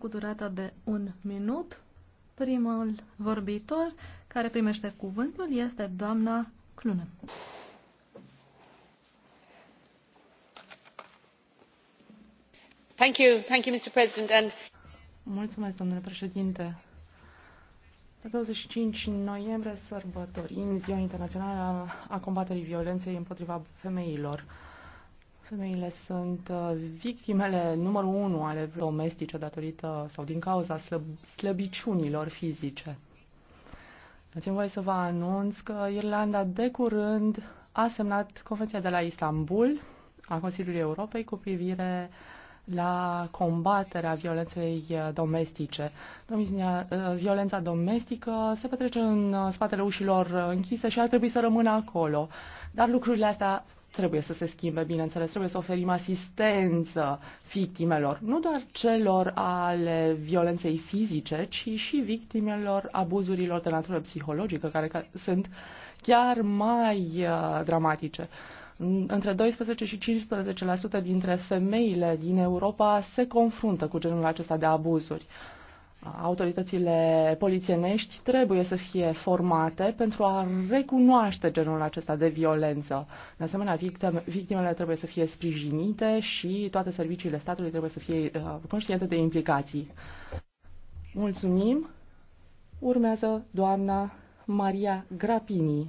cu durata de un minut. Primul vorbitor care primește cuvântul este doamna Clune. Thank you, thank you, Mr. President. And... Mulțumesc, domnule președinte. Pe 25 noiembrie sărbătorim Ziua Internațională a Combaterii Violenței împotriva Femeilor. Femeile sunt uh, victimele numărul unu ale domestice datorită sau din cauza slăb- slăbiciunilor fizice. Dați-mi voie să vă anunț că Irlanda de curând a semnat Convenția de la Istanbul a Consiliului Europei cu privire la combaterea violenței uh, domestice. Uh, violența domestică se petrece în spatele ușilor închise și ar trebui să rămână acolo. Dar lucrurile astea trebuie să se schimbe, bineînțeles, trebuie să oferim asistență victimelor, nu doar celor ale violenței fizice, ci și victimelor abuzurilor de natură psihologică, care sunt chiar mai uh, dramatice. Între 12 și 15% dintre femeile din Europa se confruntă cu genul acesta de abuzuri. Uh, autoritățile polițienești trebuie să fie formate pentru a recunoaște genul acesta de violență. De asemenea, victimele trebuie să fie sprijinite și toate serviciile statului trebuie să fie uh, conștiente de implicații. Mulțumim. Urmează doamna Maria Grapini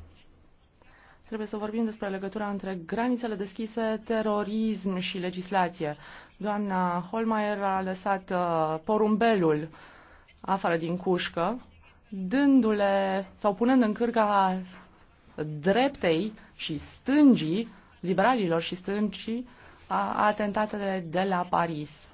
Trebuie să vorbim despre legătura între granițele deschise, terorism și legislație. Doamna Holmeier a lăsat uh, porumbelul afară din cușcă, dându-le sau punând în cârca dreptei și stângii, liberalilor și stângii, a atentatele de la Paris.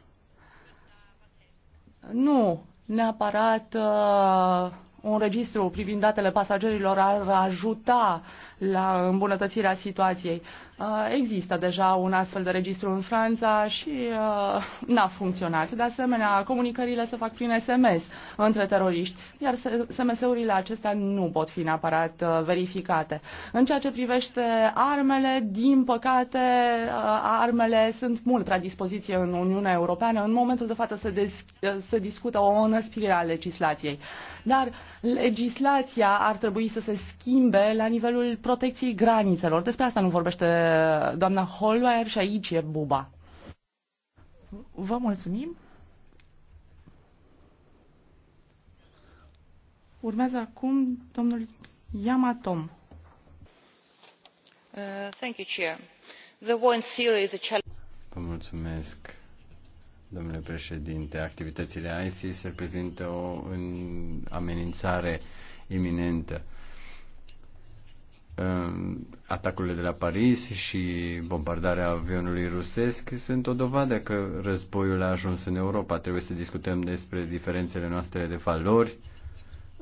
Nu neapărat uh, un registru privind datele pasagerilor ar ajuta la îmbunătățirea situației. Uh, există deja un astfel de registru în Franța și uh, n-a funcționat. De asemenea, comunicările se fac prin SMS între teroriști, iar SMS-urile acestea nu pot fi neapărat uh, verificate. În ceea ce privește armele, din păcate, armele sunt mult la dispoziție în Uniunea Europeană. În momentul de față se, des, se discută o înăsprire a legislației. Dar legislația ar trebui să se schimbe la nivelul protecției granițelor. Despre asta nu vorbește doamna Holmeier și aici e buba. Vă mulțumim. Urmează acum domnul Yamatom. Uh, thank you, Chair. The war in Syria is a challenge. Vă mulțumesc. Domnule președinte, activitățile ISIS reprezintă o amenințare iminentă. Ehm, atacurile de la Paris și bombardarea avionului rusesc sunt o dovadă că războiul a ajuns în Europa. Trebuie să discutăm despre diferențele noastre de valori,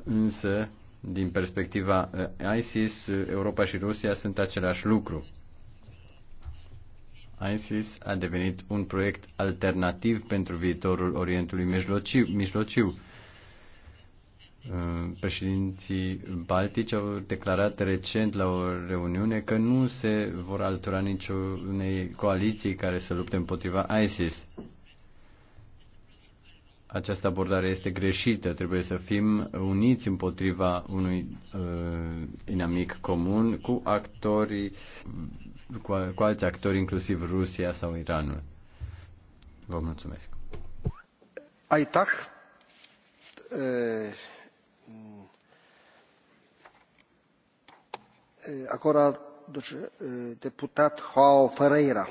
însă, din perspectiva eh, ISIS, Europa și Rusia sunt același lucru. ISIS a devenit un proiect alternativ pentru viitorul Orientului Mijlociu. mijlociu Uh, președinții baltici au declarat recent la o reuniune că nu se vor altura niciunei coaliții care să lupte împotriva ISIS. Această abordare este greșită. Trebuie să fim uniți împotriva unui uh, inamic comun cu actorii, cu, cu alți actori, inclusiv Rusia sau Iranul. Vă mulțumesc. Aitak. Uh Deci, deputat Joao Ferreira.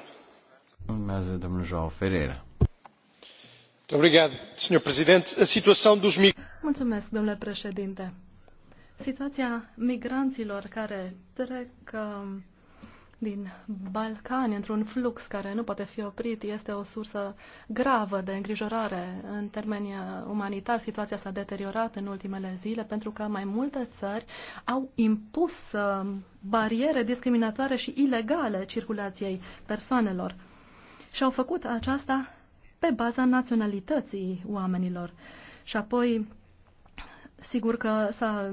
Urmează domnul Joao Ferreira. Mulțumesc, domnule președinte situația migranților care trec um, din Balcani într-un flux care nu poate fi oprit este o sursă gravă de îngrijorare. În termeni umanitari, situația s-a deteriorat în ultimele zile pentru că mai multe țări au impus uh, bariere discriminatoare și ilegale circulației persoanelor. Și au făcut aceasta pe baza naționalității oamenilor. Și apoi, sigur că s-a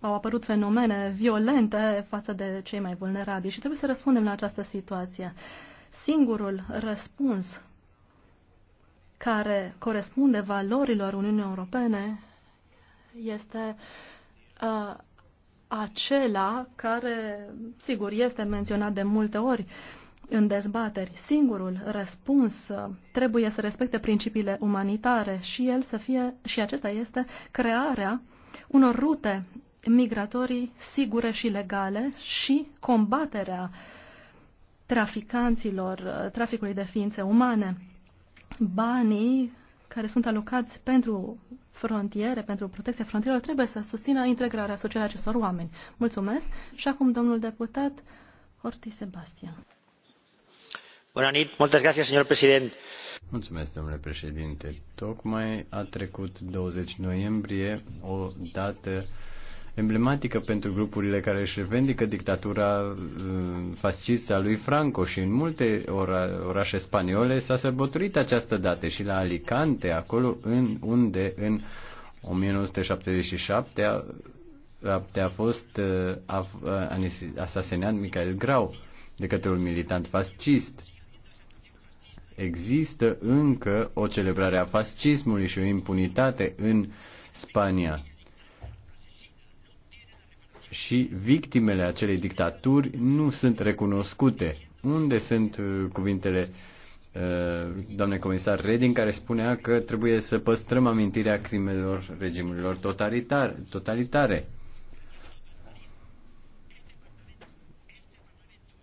au apărut fenomene violente față de cei mai vulnerabili și trebuie să răspundem la această situație. Singurul răspuns care corespunde valorilor Uniunii Europene este uh, acela care, sigur, este menționat de multe ori în dezbateri. Singurul răspuns uh, trebuie să respecte principiile umanitare și el să fie și acesta este crearea unor rute migratorii sigure și legale și combaterea traficanților, traficului de ființe umane. Banii care sunt alocați pentru frontiere, pentru protecția frontierelor, trebuie să susțină integrarea socială a acestor oameni. Mulțumesc. Și acum domnul deputat Orti Sebastian. Bună, Mulțumesc, domnule președinte. Tocmai a trecut 20 noiembrie, o dată emblematică pentru grupurile care își revendică dictatura uh, fascistă a lui Franco și în multe ora, orașe spaniole s-a sărbătorit această dată și la Alicante, acolo în, unde în 1977 a, a fost uh, a, a, asasinat Michael Grau de către un militant fascist. Există încă o celebrare a fascismului și o impunitate în Spania și victimele acelei dictaturi nu sunt recunoscute. Unde sunt uh, cuvintele uh, doamnei comisar Reding, care spunea că trebuie să păstrăm amintirea crimelor regimurilor totalitar, totalitare.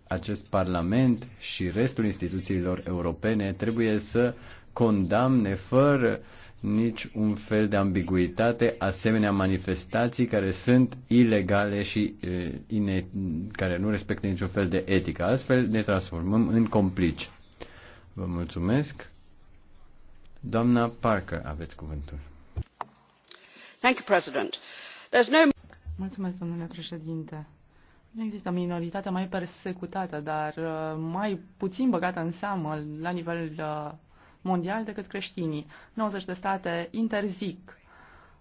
Acest Parlament și restul instituțiilor europene trebuie să condamne fără uh, nici un fel de ambiguitate asemenea manifestații care sunt ilegale și e, care nu respectă niciun fel de etică. Astfel ne transformăm în complici. Vă mulțumesc. Doamna Parker, aveți cuvântul. Thank you, President. There's no... Mulțumesc, domnule președinte. Nu există minoritatea mai persecutată, dar uh, mai puțin băgată în seamă la nivel uh, mondial decât creștinii. 90 de state interzic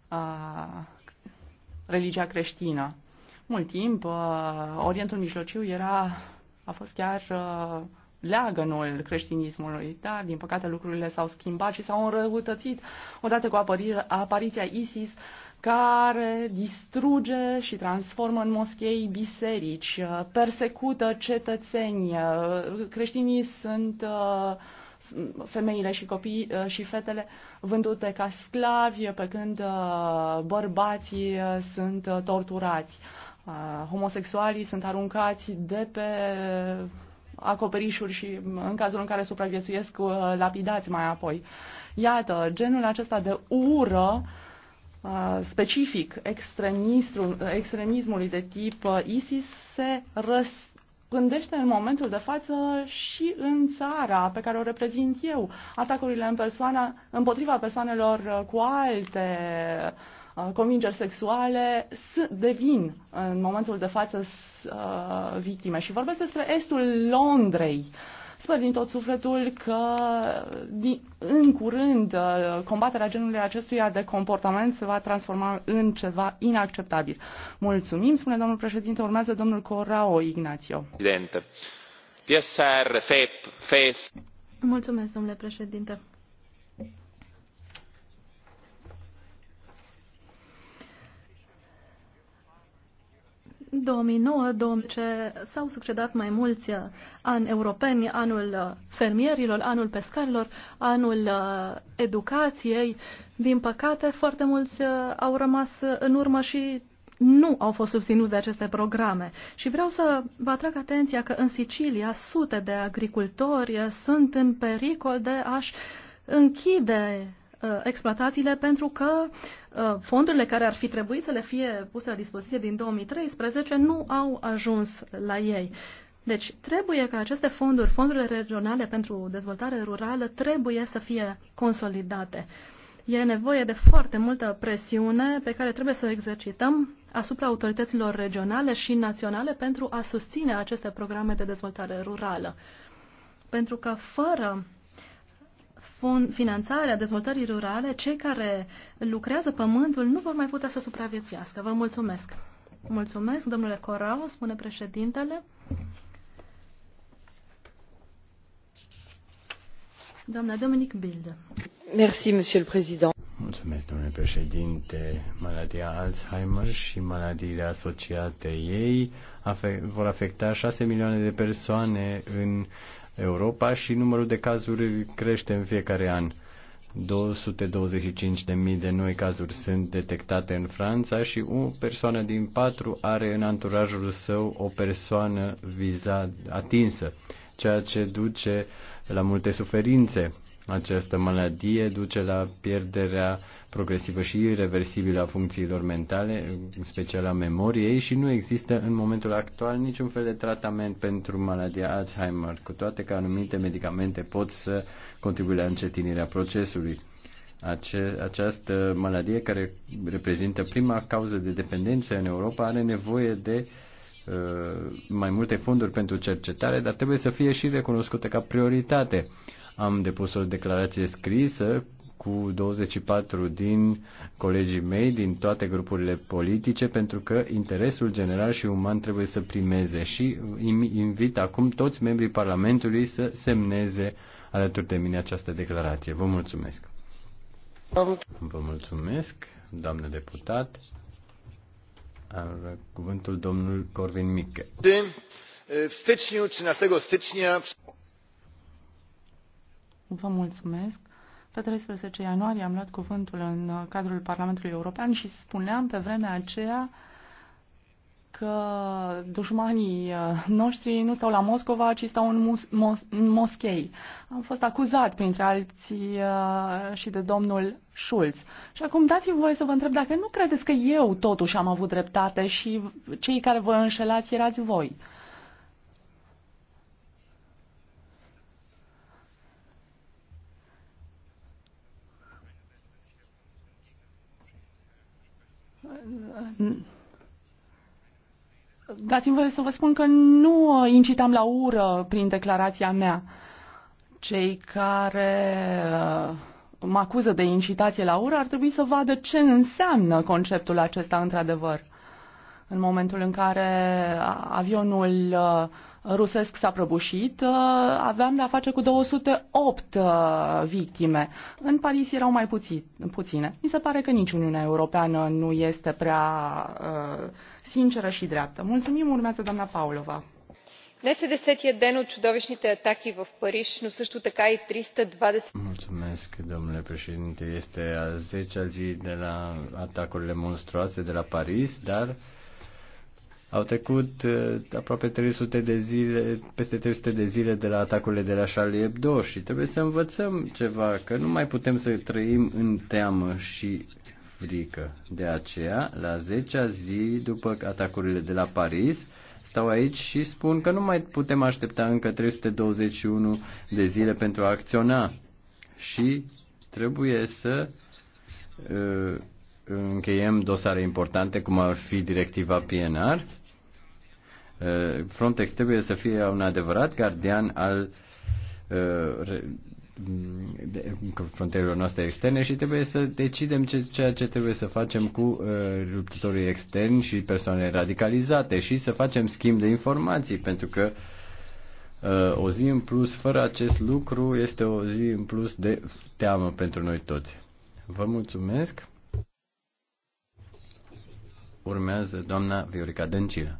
uh, religia creștină. Mult timp, uh, Orientul Mijlociu era, a fost chiar uh, leagănul creștinismului, dar din păcate lucrurile s-au schimbat și s-au înrăutățit odată cu apariția ISIS, care distruge și transformă în moschei biserici, uh, persecută cetățenii. Uh, creștinii sunt uh, femeile și copiii uh, și fetele vândute ca sclavi, pe când uh, bărbații uh, sunt torturați. Homosexualii sunt aruncați de pe acoperișuri și în cazul în care supraviețuiesc lapidați mai apoi. Iată, genul acesta de ură specific extremismului de tip ISIS se răspândește răspândește în momentul de față și în țara pe care o reprezint eu. Atacurile în persoana, împotriva persoanelor uh, cu alte uh, convingeri sexuale devin în momentul de față uh, victime. Și vorbesc despre estul Londrei. Uh, Sper din tot sufletul că în curând uh, combaterea genului acestuia de comportament se va transforma în ceva inacceptabil. Mulțumim, spune domnul președinte, urmează domnul Corao Ignațio. Mulțumesc, domnule președinte. 2009 ce s-au succedat mai mulți uh, ani europeni, anul uh, fermierilor, anul pescarilor, anul uh, educației. Din păcate, foarte mulți au rămas în urmă și nu au fost susținuți de aceste programe. Și vreau să vă atrag atenția că în Sicilia sute de agricultori sunt în pericol de a-și închide Uh, exploatațiile pentru că uh, fondurile care ar fi trebuit să le fie puse la dispoziție din 2013 nu au ajuns la ei. Deci trebuie ca aceste fonduri, fondurile regionale pentru dezvoltare rurală, trebuie să fie consolidate. E nevoie de foarte multă presiune pe care trebuie să o exercităm asupra autorităților regionale și naționale pentru a susține aceste programe de dezvoltare rurală. Pentru că fără finanțarea dezvoltării rurale, cei care lucrează pământul nu vor mai putea să supraviețuiască. Vă mulțumesc! Mulțumesc, domnule Corau, spune președintele. Doamna Dominic Bilde. Merci, monsieur le président. Mulțumesc, domnule președinte. Maladia Alzheimer și maladiile asociate ei vor afecta 6 milioane de persoane în Europa și numărul de cazuri crește în fiecare an. 225.000 de de noi cazuri sunt detectate în Franța și o persoană din patru are în anturajul său o persoană viza atinsă, ceea ce duce la multe suferințe. Această maladie duce la pierderea progresivă și irreversibilă a funcțiilor mentale, în special a memoriei, și nu există în momentul actual niciun fel de tratament pentru maladia Alzheimer, cu toate că anumite medicamente pot să contribuie la încetinirea procesului. Ace- această maladie, care reprezintă prima cauză de dependență în Europa, are nevoie de uh, mai multe fonduri pentru cercetare, dar trebuie să fie și recunoscută ca prioritate. Uh, am depus o declarație scrisă cu 24 din colegii mei din toate grupurile politice pentru că interesul general și uman trebuie să primeze și invit acum toți membrii Parlamentului să semneze alături de mine această declarație. Vă mulțumesc! Vă mulțumesc, doamnă deputat. Are cuvântul domnul Corvin Mică. 13 stycznia Vă mulțumesc. Pe 13 ianuarie am luat cuvântul în uh, cadrul Parlamentului European și spuneam pe vremea aceea că dușmanii uh, noștri nu stau la Moscova, ci stau în mus- mos- în moschei. Am fost acuzat, printre alții, uh, și de domnul Schulz. Și acum dați-mi voie să vă întreb dacă nu credeți că eu totuși am avut dreptate și cei care vă înșelați erați voi. Dați-mi voie să vă spun că nu incitam la ură prin declarația mea. Cei care uh, mă acuză de incitație la ură ar trebui să vadă ce înseamnă conceptul acesta într-adevăr. În momentul în care avionul uh, rusesc s-a prăbușit, uh, aveam de-a face cu 208 uh, victime. În Paris erau mai puțin, puține. Mi se pare că nici Uniunea Europeană nu este prea uh, sinceră și dreaptă. Mulțumim, urmează doamna Paulova. Днес е десетия ден от чудовищните атаки в Париж, но също така и 320... Mulțumesc, domnule președinte. Este a 10-a zi de la atacurile monstruoase de la Paris, dar au trecut uh, aproape 300 de zile, peste 300 de zile de la atacurile de la Charlie Hebdo și trebuie să învățăm ceva, că nu mai putem să trăim în teamă și frică. De aceea, la 10-a zi după atacurile de la Paris, stau aici și spun că nu mai putem aștepta încă 321 de zile pentru a acționa și trebuie să uh, încheiem dosare importante, cum ar fi directiva PNR, Uh, Frontex trebuie să fie un adevărat gardian al uh, mm, frontierelor noastre externe și trebuie să decidem ce, ceea ce trebuie să facem cu uh, luptătorii externi și persoane radicalizate și să facem schimb de informații, pentru că uh, o zi în plus fără acest lucru este o zi în plus de teamă pentru noi toți. Vă mulțumesc. Urmează doamna Viorica Dăncilă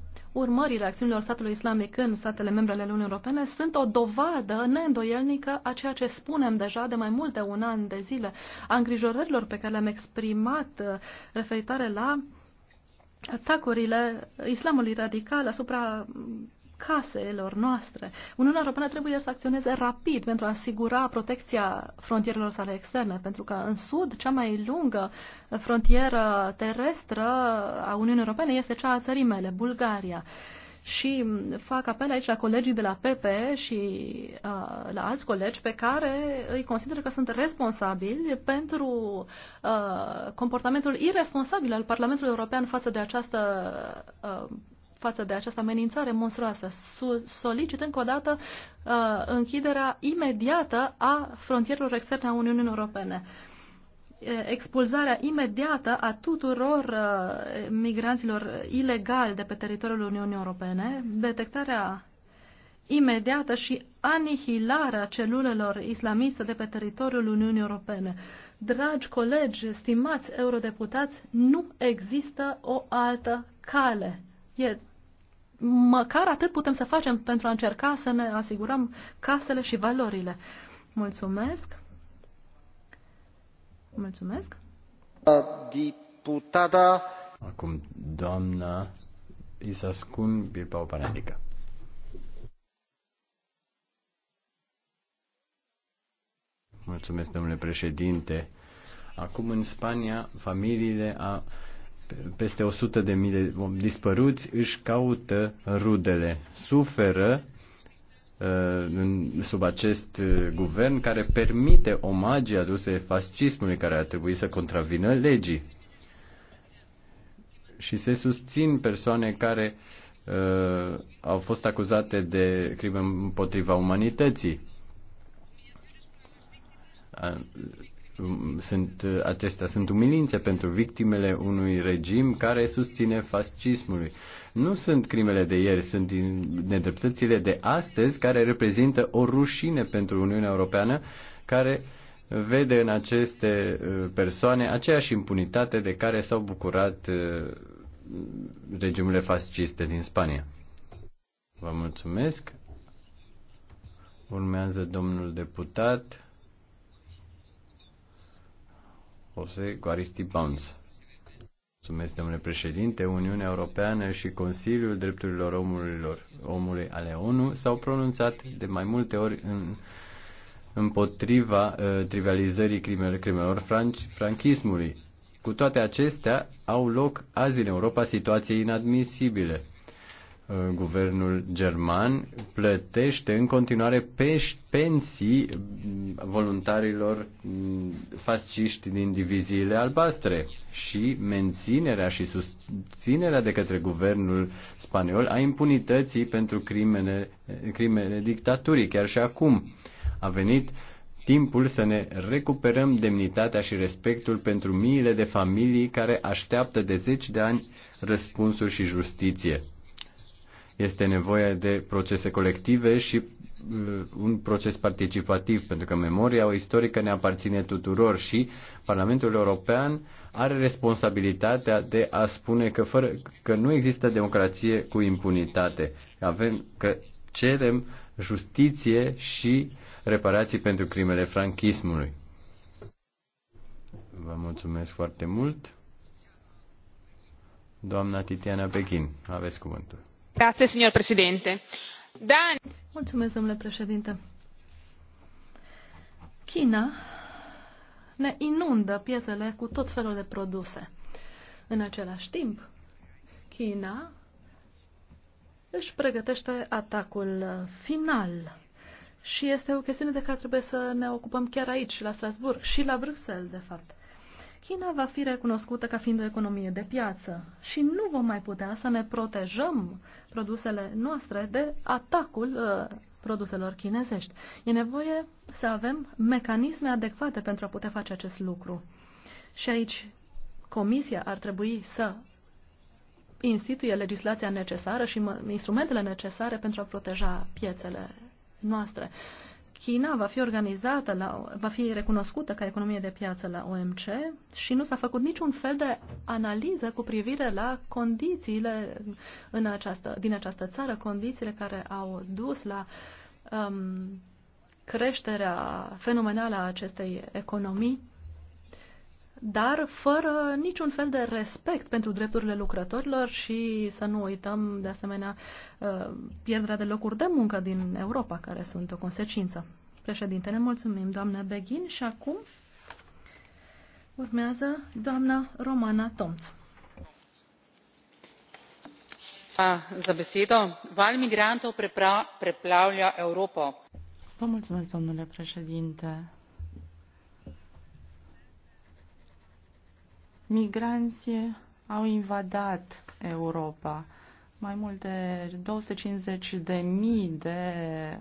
urmările acțiunilor statului islamic în statele membre ale Uniunii Europene sunt o dovadă neîndoielnică a ceea ce spunem deja de mai mult de un an de zile, a îngrijorărilor pe care le-am exprimat uh, referitoare la atacurile islamului radical asupra caselor noastre. Uniunea Europeană trebuie să acționeze rapid pentru a asigura protecția frontierelor sale externe, pentru că în sud cea mai lungă frontieră terestră a Uniunii Europene este cea a țării mele, Bulgaria. Și fac apel aici la colegii de la PP și uh, la alți colegi pe care îi consider că sunt responsabili pentru uh, comportamentul irresponsabil al Parlamentului European față de această uh, față de această amenințare monstruoasă. Solicit încă o dată uh, închiderea imediată a frontierelor externe a Uniunii Europene uh, expulzarea imediată a tuturor uh, migranților ilegali de pe teritoriul Uniunii Europene, detectarea imediată și anihilarea celulelor islamiste de pe teritoriul Uniunii Europene. Dragi colegi, stimați eurodeputați, nu există o altă cale. E măcar atât putem să facem pentru a încerca să ne asigurăm casele și valorile. Mulțumesc! Mulțumesc! Da, diputada... Acum, doamna Isascun Bilbao Panadica. Mulțumesc, domnule președinte. Acum, în Spania, familiile a peste 100 de mii de dispăruți își caută rudele, suferă uh, sub acest uh, guvern care permite omagii aduse fascismului care ar trebui să contravină legii. Și se susțin persoane care uh, au fost acuzate de crime împotriva umanității Mm, sunt, uh, acestea sunt umilințe pentru victimele unui regim care susține fascismului. Nu sunt crimele de ieri, sunt nedreptățile de astăzi care reprezintă o rușine pentru Uniunea Europeană care vede în aceste uh, persoane aceeași impunitate de care s-au bucurat uh, regimurile fasciste din Spania. Vă mulțumesc. Urmează domnul deputat José Guaristi Bounds. Mulțumesc, domnule președinte. Uniunea Europeană și Consiliul Drepturilor Omurilor, Omului ale ONU s-au pronunțat de mai multe ori în, împotriva uh, trivializării crimelor, crimelor franci, franchismului. Cu toate acestea, au loc azi în Europa situații inadmisibile. Uh, guvernul german plătește în continuare pensii voluntarilor mm, fasciști din diviziile albastre și menținerea și susținerea de către guvernul spaniol a impunității pentru crimele, crimele dictaturii, chiar și acum. A venit timpul să ne recuperăm demnitatea și respectul pentru miile de familii care așteaptă de zeci de ani răspunsuri și justiție este nevoie de procese colective și uh, un proces participativ, pentru că memoria istorică ne aparține tuturor și Parlamentul European are responsabilitatea de a spune că, fără, că nu există democrație cu impunitate. Avem, că cerem justiție și reparații pentru crimele franchismului. Vă mulțumesc foarte mult. Doamna Titiana Pekin, aveți cuvântul. Da Mulțumesc, domnule președinte. China ne inundă piețele cu tot felul de produse. În același timp, China își pregătește atacul final. Și este o chestiune de care trebuie să ne ocupăm chiar aici, la Strasburg, și la Bruxelles, de fapt. China va fi recunoscută ca fiind o economie de piață și nu vom mai putea să ne protejăm produsele noastre de atacul uh, produselor chinezești. E nevoie să avem mecanisme adecvate pentru a putea face acest lucru. Și aici Comisia ar trebui să instituie legislația necesară și instrumentele necesare pentru a proteja piețele noastre. Uh, China va fi organizată, la, va fi recunoscută ca economie de piață la OMC și nu s-a făcut niciun fel de analiză cu privire la condițiile în această, din această țară, condițiile care au dus la um, creșterea fenomenală a acestei economii dar fără niciun fel de respect pentru drepturile lucrătorilor și să nu uităm, de asemenea, uh, pierderea de locuri de muncă din Europa, care sunt o consecință. Președintele, mulțumim, doamna Beghin, și acum urmează doamna Romana Tomț. Za besedo. Val migrantov preplavlja Evropo. Vă mulțumesc, domnule președinte. migranții au invadat Europa. Mai mult de 250 de mii de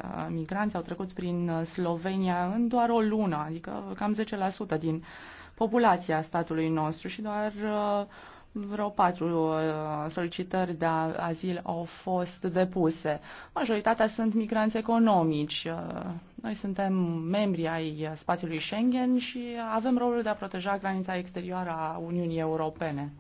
uh, migranți au trecut prin uh, Slovenia în doar o lună, adică cam 10% din populația statului nostru și doar uh, vreo patru uh, solicitări de azil au fost depuse. Majoritatea sunt migranți economici. Uh, noi suntem membri ai spațiului Schengen și avem rolul de a proteja granița exterioară a Uniunii Europene.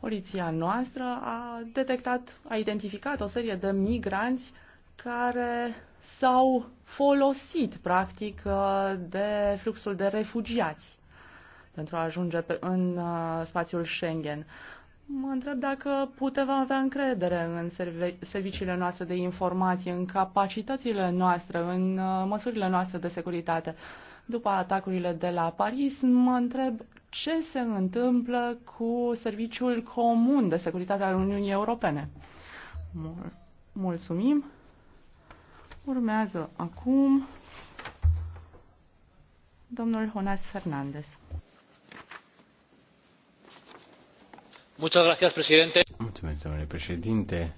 Poliția noastră a detectat, a identificat o serie de migranți care s-au folosit, practic, uh, de fluxul de refugiați pentru a ajunge pe, în uh, spațiul Schengen. Mă întreb dacă putem avea încredere în serviciile noastre de informație, în capacitățile noastre, în uh, măsurile noastre de securitate. După atacurile de la Paris, mă întreb ce se întâmplă cu Serviciul Comun de Securitate al Uniunii Europene. Mulțumim. Urmează acum domnul Jonas Fernandez. Mulțumesc, domnule președinte.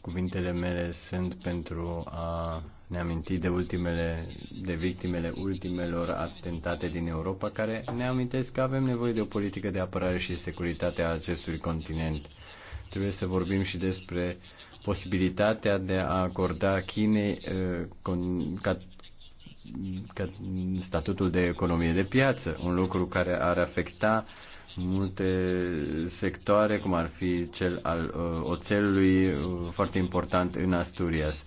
Cuvintele mele sunt pentru a ne aminti de ultimele, de victimele ultimelor atentate din Europa, care ne amintesc că avem nevoie de o politică de apărare și securitate a acestui continent. Trebuie să vorbim și despre posibilitatea de a acorda Chinei eh, statutul de economie de piață, un lucru care ar afecta multe sectoare, cum ar fi cel al uh, oțelului, uh, foarte important în Asturias.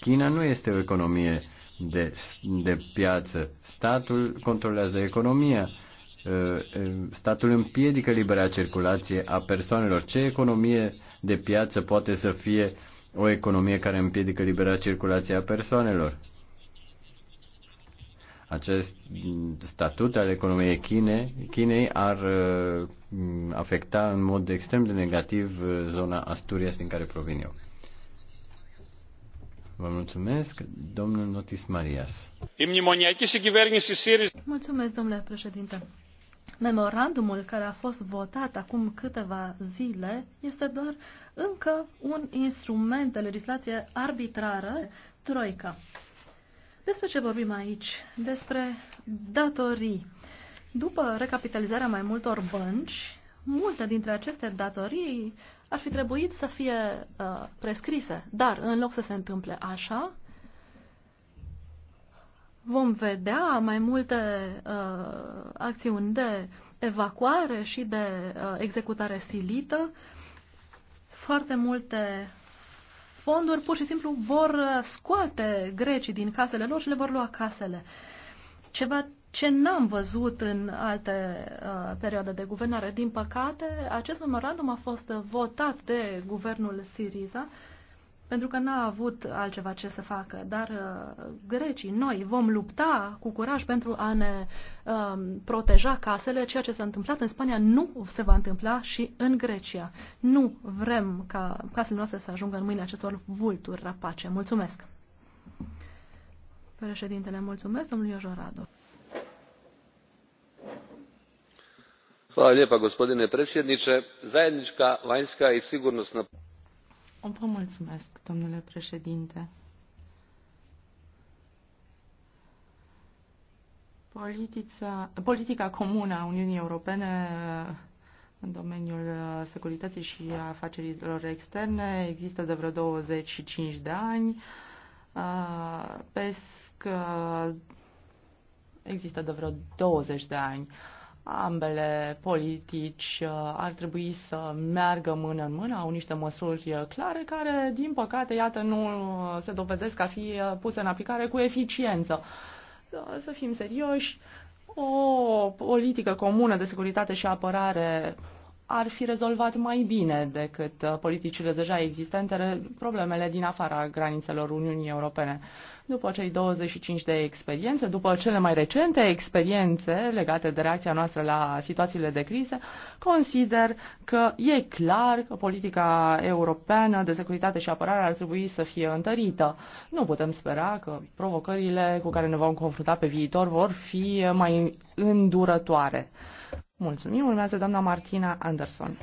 China nu este o economie de, de piață. Statul controlează economia. Uh, statul împiedică libera circulație a persoanelor. Ce economie de piață poate să fie o economie care împiedică libera circulație a persoanelor? Acest statut al economiei Chine, Chinei ar uh, afecta în mod extrem de negativ uh, zona Asturias din care provin eu. Vă mulțumesc, domnul Notis Marias. Mulțumesc, domnule președinte. Memorandumul care a fost votat acum câteva zile este doar încă un instrument de legislație arbitrară, troica. Despre ce vorbim aici? Despre datorii. După recapitalizarea mai multor bănci, multe dintre aceste datorii ar fi trebuit să fie uh, prescrise. Dar, în loc să se întâmple așa, vom vedea mai multe uh, acțiuni de evacuare și de uh, executare silită, foarte multe fonduri pur și simplu vor uh, scoate grecii din casele lor și le vor lua casele. Ceva ce n-am văzut în alte uh, perioade de guvernare. Din păcate, acest memorandum a fost votat de guvernul Siriza uh, pentru că n-a avut altceva ce să facă, dar uh, grecii, noi vom lupta cu curaj pentru a ne uh, proteja casele, ceea ce s-a întâmplat în Spania nu se va întâmpla și în Grecia. Nu vrem ca casele noastre să ajungă în mâinile acestor vulturi rapace. Mulțumesc! Președintele, mulțumesc, domnul Iojorado. Hvala lijepa, gospodine predsjedniče. Zajednička vanjska i sigurnosna Vă mulțumesc, domnule președinte. Politica, politica comună a Uniunii Europene uh, în domeniul uh, securității și afacerilor externe există de vreo 25 de ani. Uh, PESC există de vreo 20 de ani ambele politici uh, ar trebui să meargă mână în mână, au niște măsuri uh, clare care, din păcate, iată, nu uh, se dovedesc a fi puse în aplicare cu eficiență. Să fim serioși, o politică comună de securitate și apărare ar fi rezolvat mai bine decât politicile deja existente problemele din afara granițelor Uniunii Europene. După cei 25 de experiențe, după cele mai recente experiențe legate de reacția noastră la situațiile de criză, consider că e clar că politica europeană de securitate și apărare ar trebui să fie întărită. Nu putem spera că provocările cu care ne vom confrunta pe viitor vor fi mai îndurătoare. Mulțumim. Urmează doamna Martina Anderson.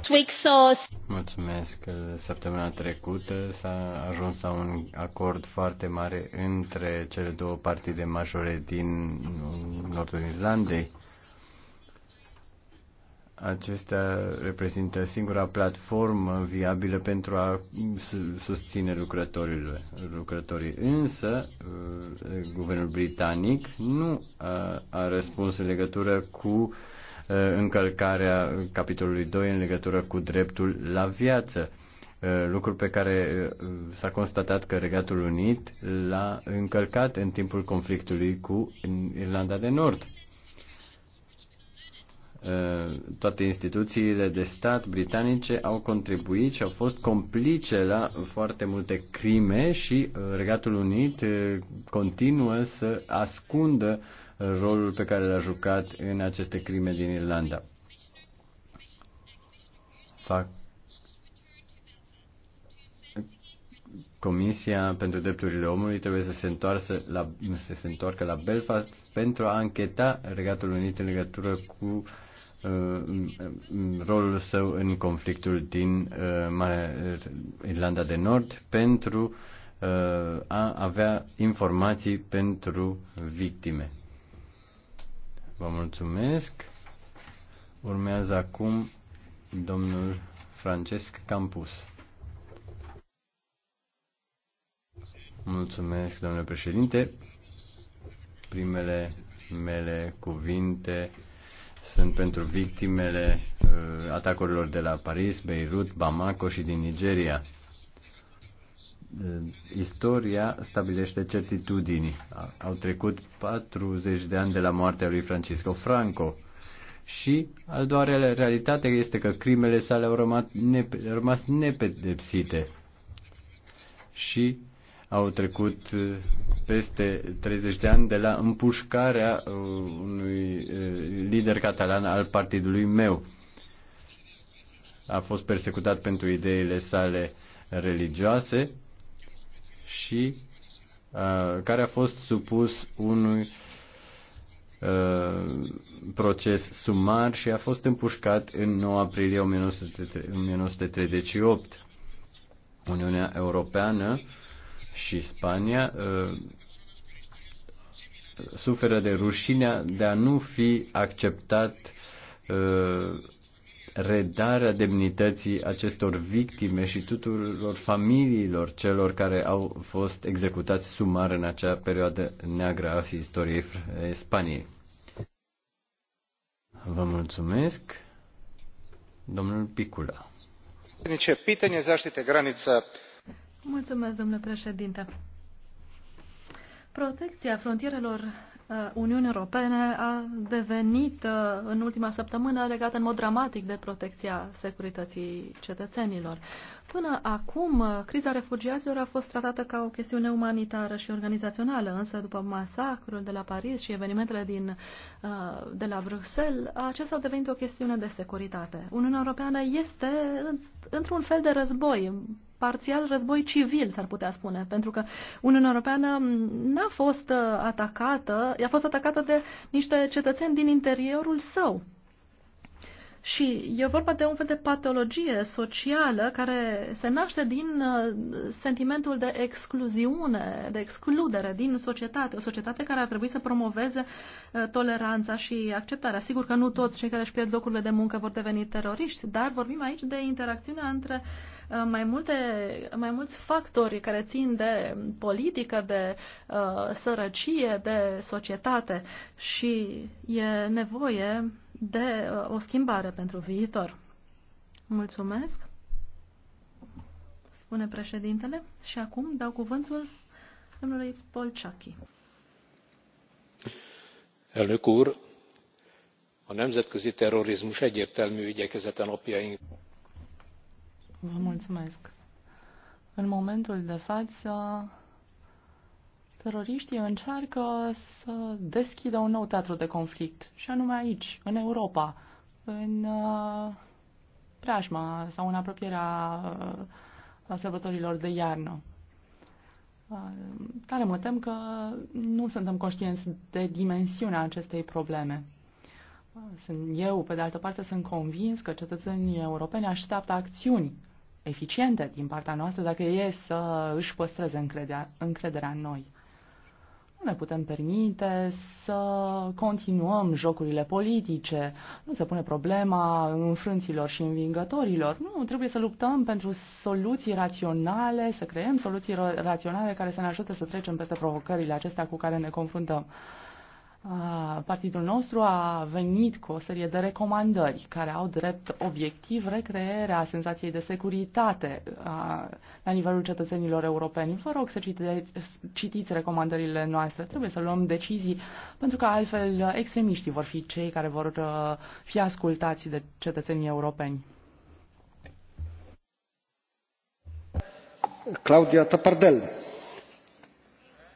Mulțumesc. Săptămâna trecută s-a ajuns la un acord foarte mare între cele două partide majore din nordul Irlandei. Acestea reprezintă singura platformă viabilă pentru a susține lucrătorilor, lucrătorii. Însă, uh, guvernul britanic nu a, uh, a răspuns în legătură cu uh, Uh, încălcarea capitolului 2 în legătură cu dreptul la viață uh, lucru pe care uh, s-a constatat că Regatul Unit l-a încălcat în timpul conflictului cu Irlanda de Nord. Toate instituțiile de stat britanice au contribuit și au fost complice la foarte multe crime și Regatul Unit continuă să ascundă uh, rolul pe care l-a jucat în aceste crime din Irlanda. Fac Comisia pentru Drepturile Omului trebuie să se, întoarcă la, să se întoarcă la Belfast pentru a încheta Regatul Unit în legătură cu uh, rolul său în conflictul din uh, Irlanda de Nord pentru uh, a avea informații pentru victime. Vă mulțumesc. Urmează acum domnul Francesc Campus. Mulțumesc, domnule președinte. Primele mele cuvinte sunt pentru victimele uh, atacurilor de la Paris, Beirut, Bamako și din Nigeria istoria stabilește certitudini. Au trecut 40 de ani de la moartea lui Francisco Franco. Și al doilea realitate este că crimele sale au rămas, nepe, rămas nepedepsite. Și au trecut uh, peste 30 de ani de la împușcarea uh, unui uh, lider catalan al partidului meu. A fost persecutat pentru ideile sale religioase și uh, care a fost supus unui uh, proces sumar și a fost împușcat în 9 aprilie 1938. Uniunea Europeană și Spania uh, suferă de rușinea de a nu fi acceptat uh, redarea demnității acestor victime și tuturor familiilor celor care au fost executați sumar în acea perioadă neagră a istoriei Spaniei. Vă mulțumesc. Domnul Picula. Pitanje zaštite granica. Mulțumesc, domnule președinte. Protecția frontierelor Uh, Uniunii Europene a devenit uh, în ultima săptămână legată în mod dramatic de protecția securității cetățenilor. Până acum, uh, criza refugiaților a fost tratată ca o chestiune umanitară și organizațională, însă după masacrul de la Paris și evenimentele din, de la Bruxelles, acestea au devenit o chestiune de securitate. Uniunea Europeană este într-un fel de război parțial război civil, s-ar putea spune, pentru că Uniunea Europeană n-a fost uh, atacată, i-a fost atacată de niște cetățeni din interiorul său. Și e vorba de un fel de patologie socială care se naște din uh, sentimentul de excluziune, de excludere din societate. O societate care ar trebui să promoveze uh, toleranța și acceptarea. Sigur că nu toți cei care își pierd locurile de muncă vor deveni teroriști, dar vorbim aici de interacțiunea între uh, mai, multe, mai mulți factori care țin de politică, de uh, sărăcie, de societate și e nevoie de uh, o schimbare pentru viitor. Mulțumesc, spune președintele, și acum dau cuvântul domnului Polciachi. Elnök úr, a nemzetközi terrorizmus egyértelmű igyekezete napjainkban. Vă mulțumesc. În momentul de față, teroriștii încearcă să deschidă un nou teatru de conflict, și anume aici, în Europa, în uh, preajma sau în apropierea uh, sărbătorilor de iarnă. Tare uh, mă tem că nu suntem conștienți de dimensiunea acestei probleme. Sunt, eu, pe de altă parte, sunt convins că cetățenii europeni așteaptă acțiuni eficiente din partea noastră dacă e să își păstreze încredea, încrederea în noi. Nu ne putem permite să continuăm jocurile politice, nu se pune problema înfrânților și învingătorilor. Nu, trebuie să luptăm pentru soluții raționale, să creăm soluții raționale care să ne ajute să trecem peste provocările acestea cu care ne confruntăm. Uh, partidul nostru a venit cu o serie de recomandări care au drept obiectiv recrearea senzației de securitate la nivelul cetățenilor europeni. Vă rog să citiți recomandările noastre. Trebuie să luăm decizii pentru că altfel extremiștii vor fi cei care vor uh, fi ascultați de cetățenii europeni. Claudia Tăpardel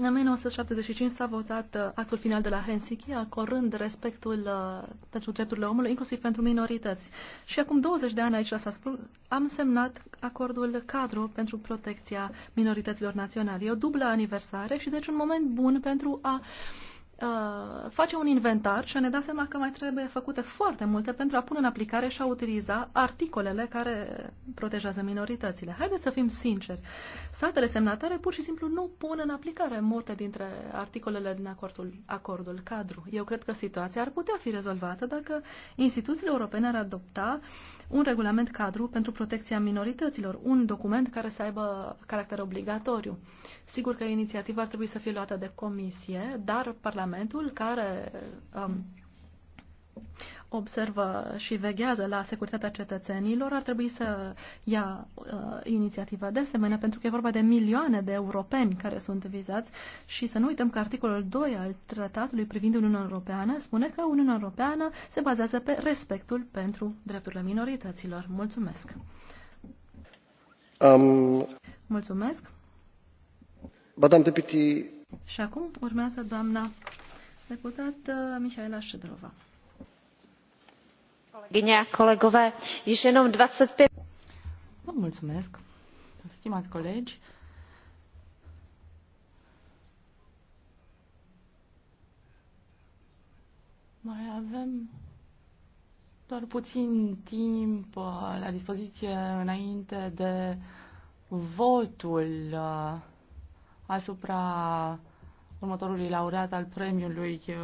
În 1975 s-a votat uh, actul final de la Helsinki, acorând respectul uh, pentru drepturile omului, inclusiv pentru minorități. Și acum 20 de ani aici la Strasbourg am semnat acordul cadru pentru protecția minorităților naționale. E o dublă aniversare și deci un moment bun pentru a uh, uh, face un inventar și ne da seama că mai trebuie făcute foarte multe pentru a pune în aplicare și a utiliza articolele care protejează minoritățile. Haideți să fim sinceri. Statele semnatare pur și simplu nu pun în aplicare multe dintre articolele din acordul, acordul cadru. Eu cred că situația ar putea fi rezolvată dacă instituțiile europene ar adopta un regulament cadru pentru protecția minorităților, un document care să aibă caracter obligatoriu. Sigur că inițiativa ar trebui să fie luată de comisie, dar Parlamentul Parlamentul, care um, observă și veghează la securitatea cetățenilor, ar trebui să ia uh, inițiativa de asemenea, pentru că e vorba de milioane de europeni care sunt vizați și să nu uităm că articolul 2 al tratatului privind Uniunea Europeană spune că Uniunea Europeană se bazează pe respectul pentru drepturile minorităților. Mulțumesc! Um, Mulțumesc! Madame Deputy și acum urmează doamna deputat Mihaela Ședrova. Colegine, a ești jenom 25... Vă mulțumesc, stimați colegi. Mai avem doar puțin timp uh, la dispoziție înainte de votul uh, asupra următorului laureat al premiului uh,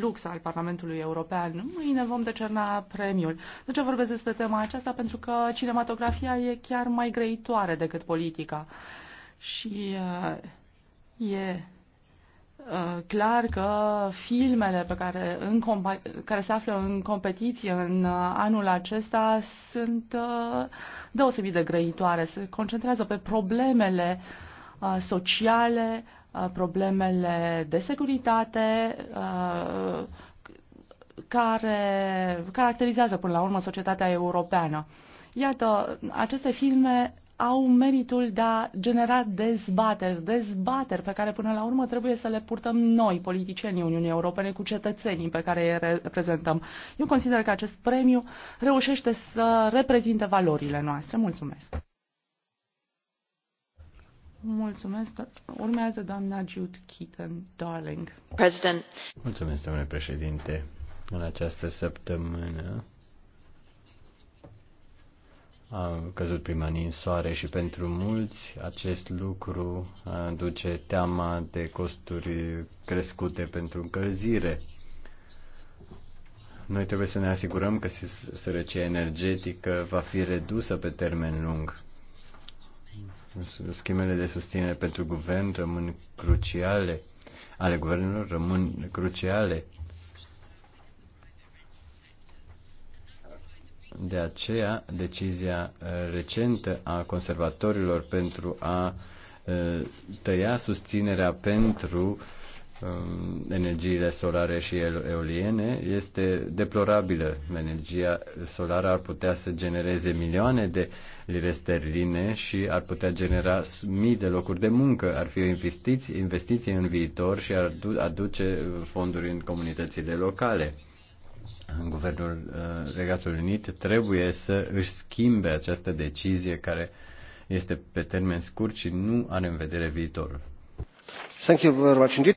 Lux al Parlamentului European. Mâine vom decerna premiul. De ce vorbesc despre tema aceasta? Pentru că cinematografia e chiar mai greitoare decât politica. Și uh, e uh, clar că filmele pe care, în care se află în competiție în anul acesta sunt deosebit de greitoare. Se concentrează pe problemele uh, Uh, sociale, uh, problemele de securitate uh, care caracterizează până la urmă societatea europeană. Iată, aceste filme au meritul de a genera dezbateri, dezbateri pe care până la urmă trebuie să le purtăm noi, politicienii Uniunii Europene, cu cetățenii pe care îi reprezentăm. Eu consider că acest premiu reușește să reprezinte valorile noastre. Mulțumesc! Mulțumesc. Urmează doamna Jude Keaton Darling. President. Mulțumesc, domnule președinte. În această săptămână a căzut prima ninsoare și pentru mulți acest lucru duce teama de costuri crescute pentru încălzire. Noi trebuie să ne asigurăm că sărăcia energetică va fi redusă pe termen lung schemele de susținere pentru guvern rămân cruciale, ale guvernelor rămân cruciale. De aceea, decizia uh, recentă a conservatorilor pentru a uh, tăia susținerea pentru uh, Um, energiile solare și eoliene este deplorabilă. Energia solară ar putea să genereze milioane de lire sterline și ar putea genera mii de locuri de muncă. Ar fi o investiție, investiție în viitor și ar aduce fonduri în comunitățile locale. Guvernul uh, Regatul Unit trebuie să își schimbe această decizie care este pe termen scurt și nu are în vedere viitorul. Thank you very much indeed.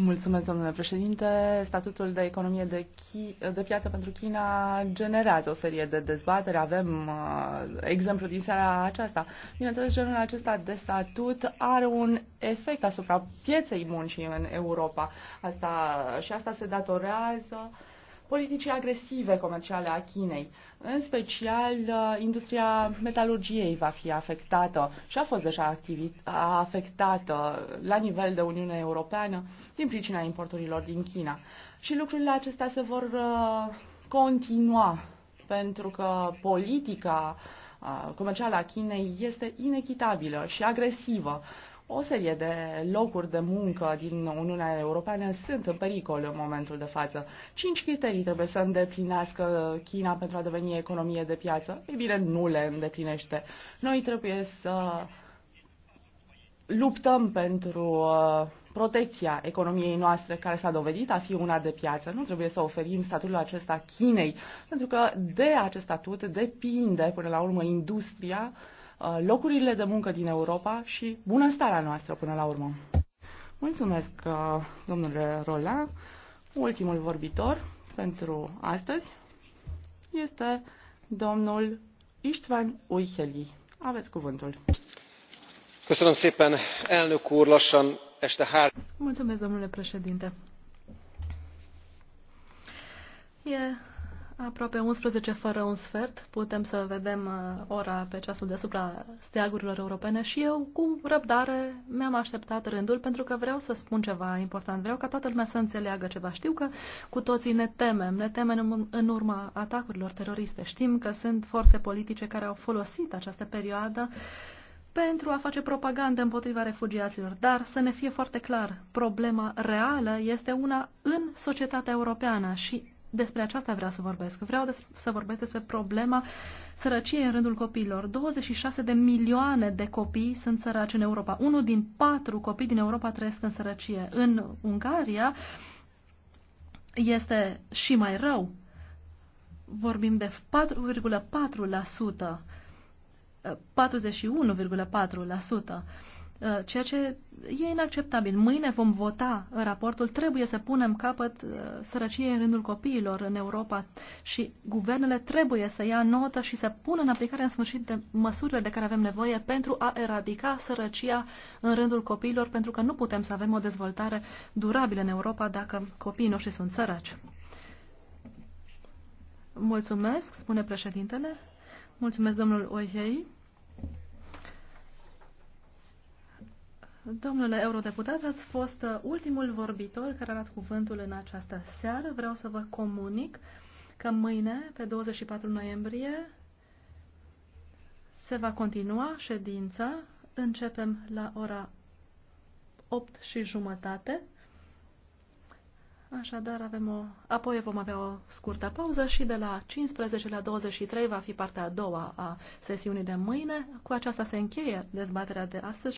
Mulțumesc, domnule președinte. Statutul de economie de, chi- de piață pentru China generează o serie de dezbatere. Avem uh, exemplu din seara aceasta. Bineînțeles, genul acesta de statut are un efect asupra pieței muncii în Europa. Asta, și asta se datorează uh, politicii agresive comerciale a Chinei. În special, uh, industria metalurgiei va fi afectată și a fost deja afectată la nivel de Uniune Europeană din pricina importurilor din China. Și lucrurile acestea se vor uh, continua pentru că politica uh, comercială a Chinei este inechitabilă și agresivă. Uh, o serie de locuri de muncă din Uniunea Europeană sunt în pericol în momentul de față. Cinci criterii trebuie să îndeplinească China pentru a deveni economie de piață. Ei bine, nu le îndeplinește. Noi trebuie să luptăm pentru uh, protecția economiei noastre care s-a dovedit a fi una de piață. Nu trebuie să oferim statutul acesta Chinei, pentru că de acest statut depinde până la urmă industria uh, Uh, locurile de muncă din Europa și bunăstarea noastră până la urmă. Mulțumesc, uh, domnule Roland. Ultimul vorbitor pentru astăzi este domnul István Ujheli. Aveți cuvântul. Köszönöm szépen, elnök úr, lassan este hár... Mulțumesc, domnule președinte. E Aproape 11 fără un sfert putem să vedem uh, ora pe ceasul deasupra steagurilor europene și eu cu răbdare mi-am așteptat rândul pentru că vreau să spun ceva important. Vreau ca toată lumea să înțeleagă ceva. Știu că cu toții ne temem, ne temem în urma atacurilor teroriste. Știm că sunt forțe politice care au folosit această perioadă pentru a face propagandă împotriva refugiaților. Dar să ne fie foarte clar, problema reală este una în societatea europeană și despre aceasta vreau să vorbesc. Vreau să vorbesc despre problema sărăciei în rândul copiilor. 26 de milioane de copii sunt săraci în Europa. Unul din patru copii din Europa trăiesc în sărăcie. În Ungaria este și mai rău. Vorbim de 4,4%. 41,4%. Uh, ceea ce e inacceptabil. Mâine vom vota raportul, trebuie să punem capăt uh, sărăciei în rândul copiilor în Europa și guvernele trebuie să ia notă și să pună în aplicare în sfârșit de măsurile de care avem nevoie pentru a eradica sărăcia în rândul copiilor, pentru că nu putem să avem o dezvoltare durabilă în Europa dacă copiii noștri sunt săraci. Mulțumesc, spune președintele. Mulțumesc, domnul Oihei. Domnule eurodeputat, ați fost uh, ultimul vorbitor care a dat cuvântul în această seară. Vreau să vă comunic că mâine, pe 24 noiembrie, se va continua ședința. Începem la ora 8 și jumătate. Așadar, avem o... apoi vom avea o scurtă pauză și de la 15 la 23 va fi partea a doua a sesiunii de mâine. Cu aceasta se încheie dezbaterea de astăzi.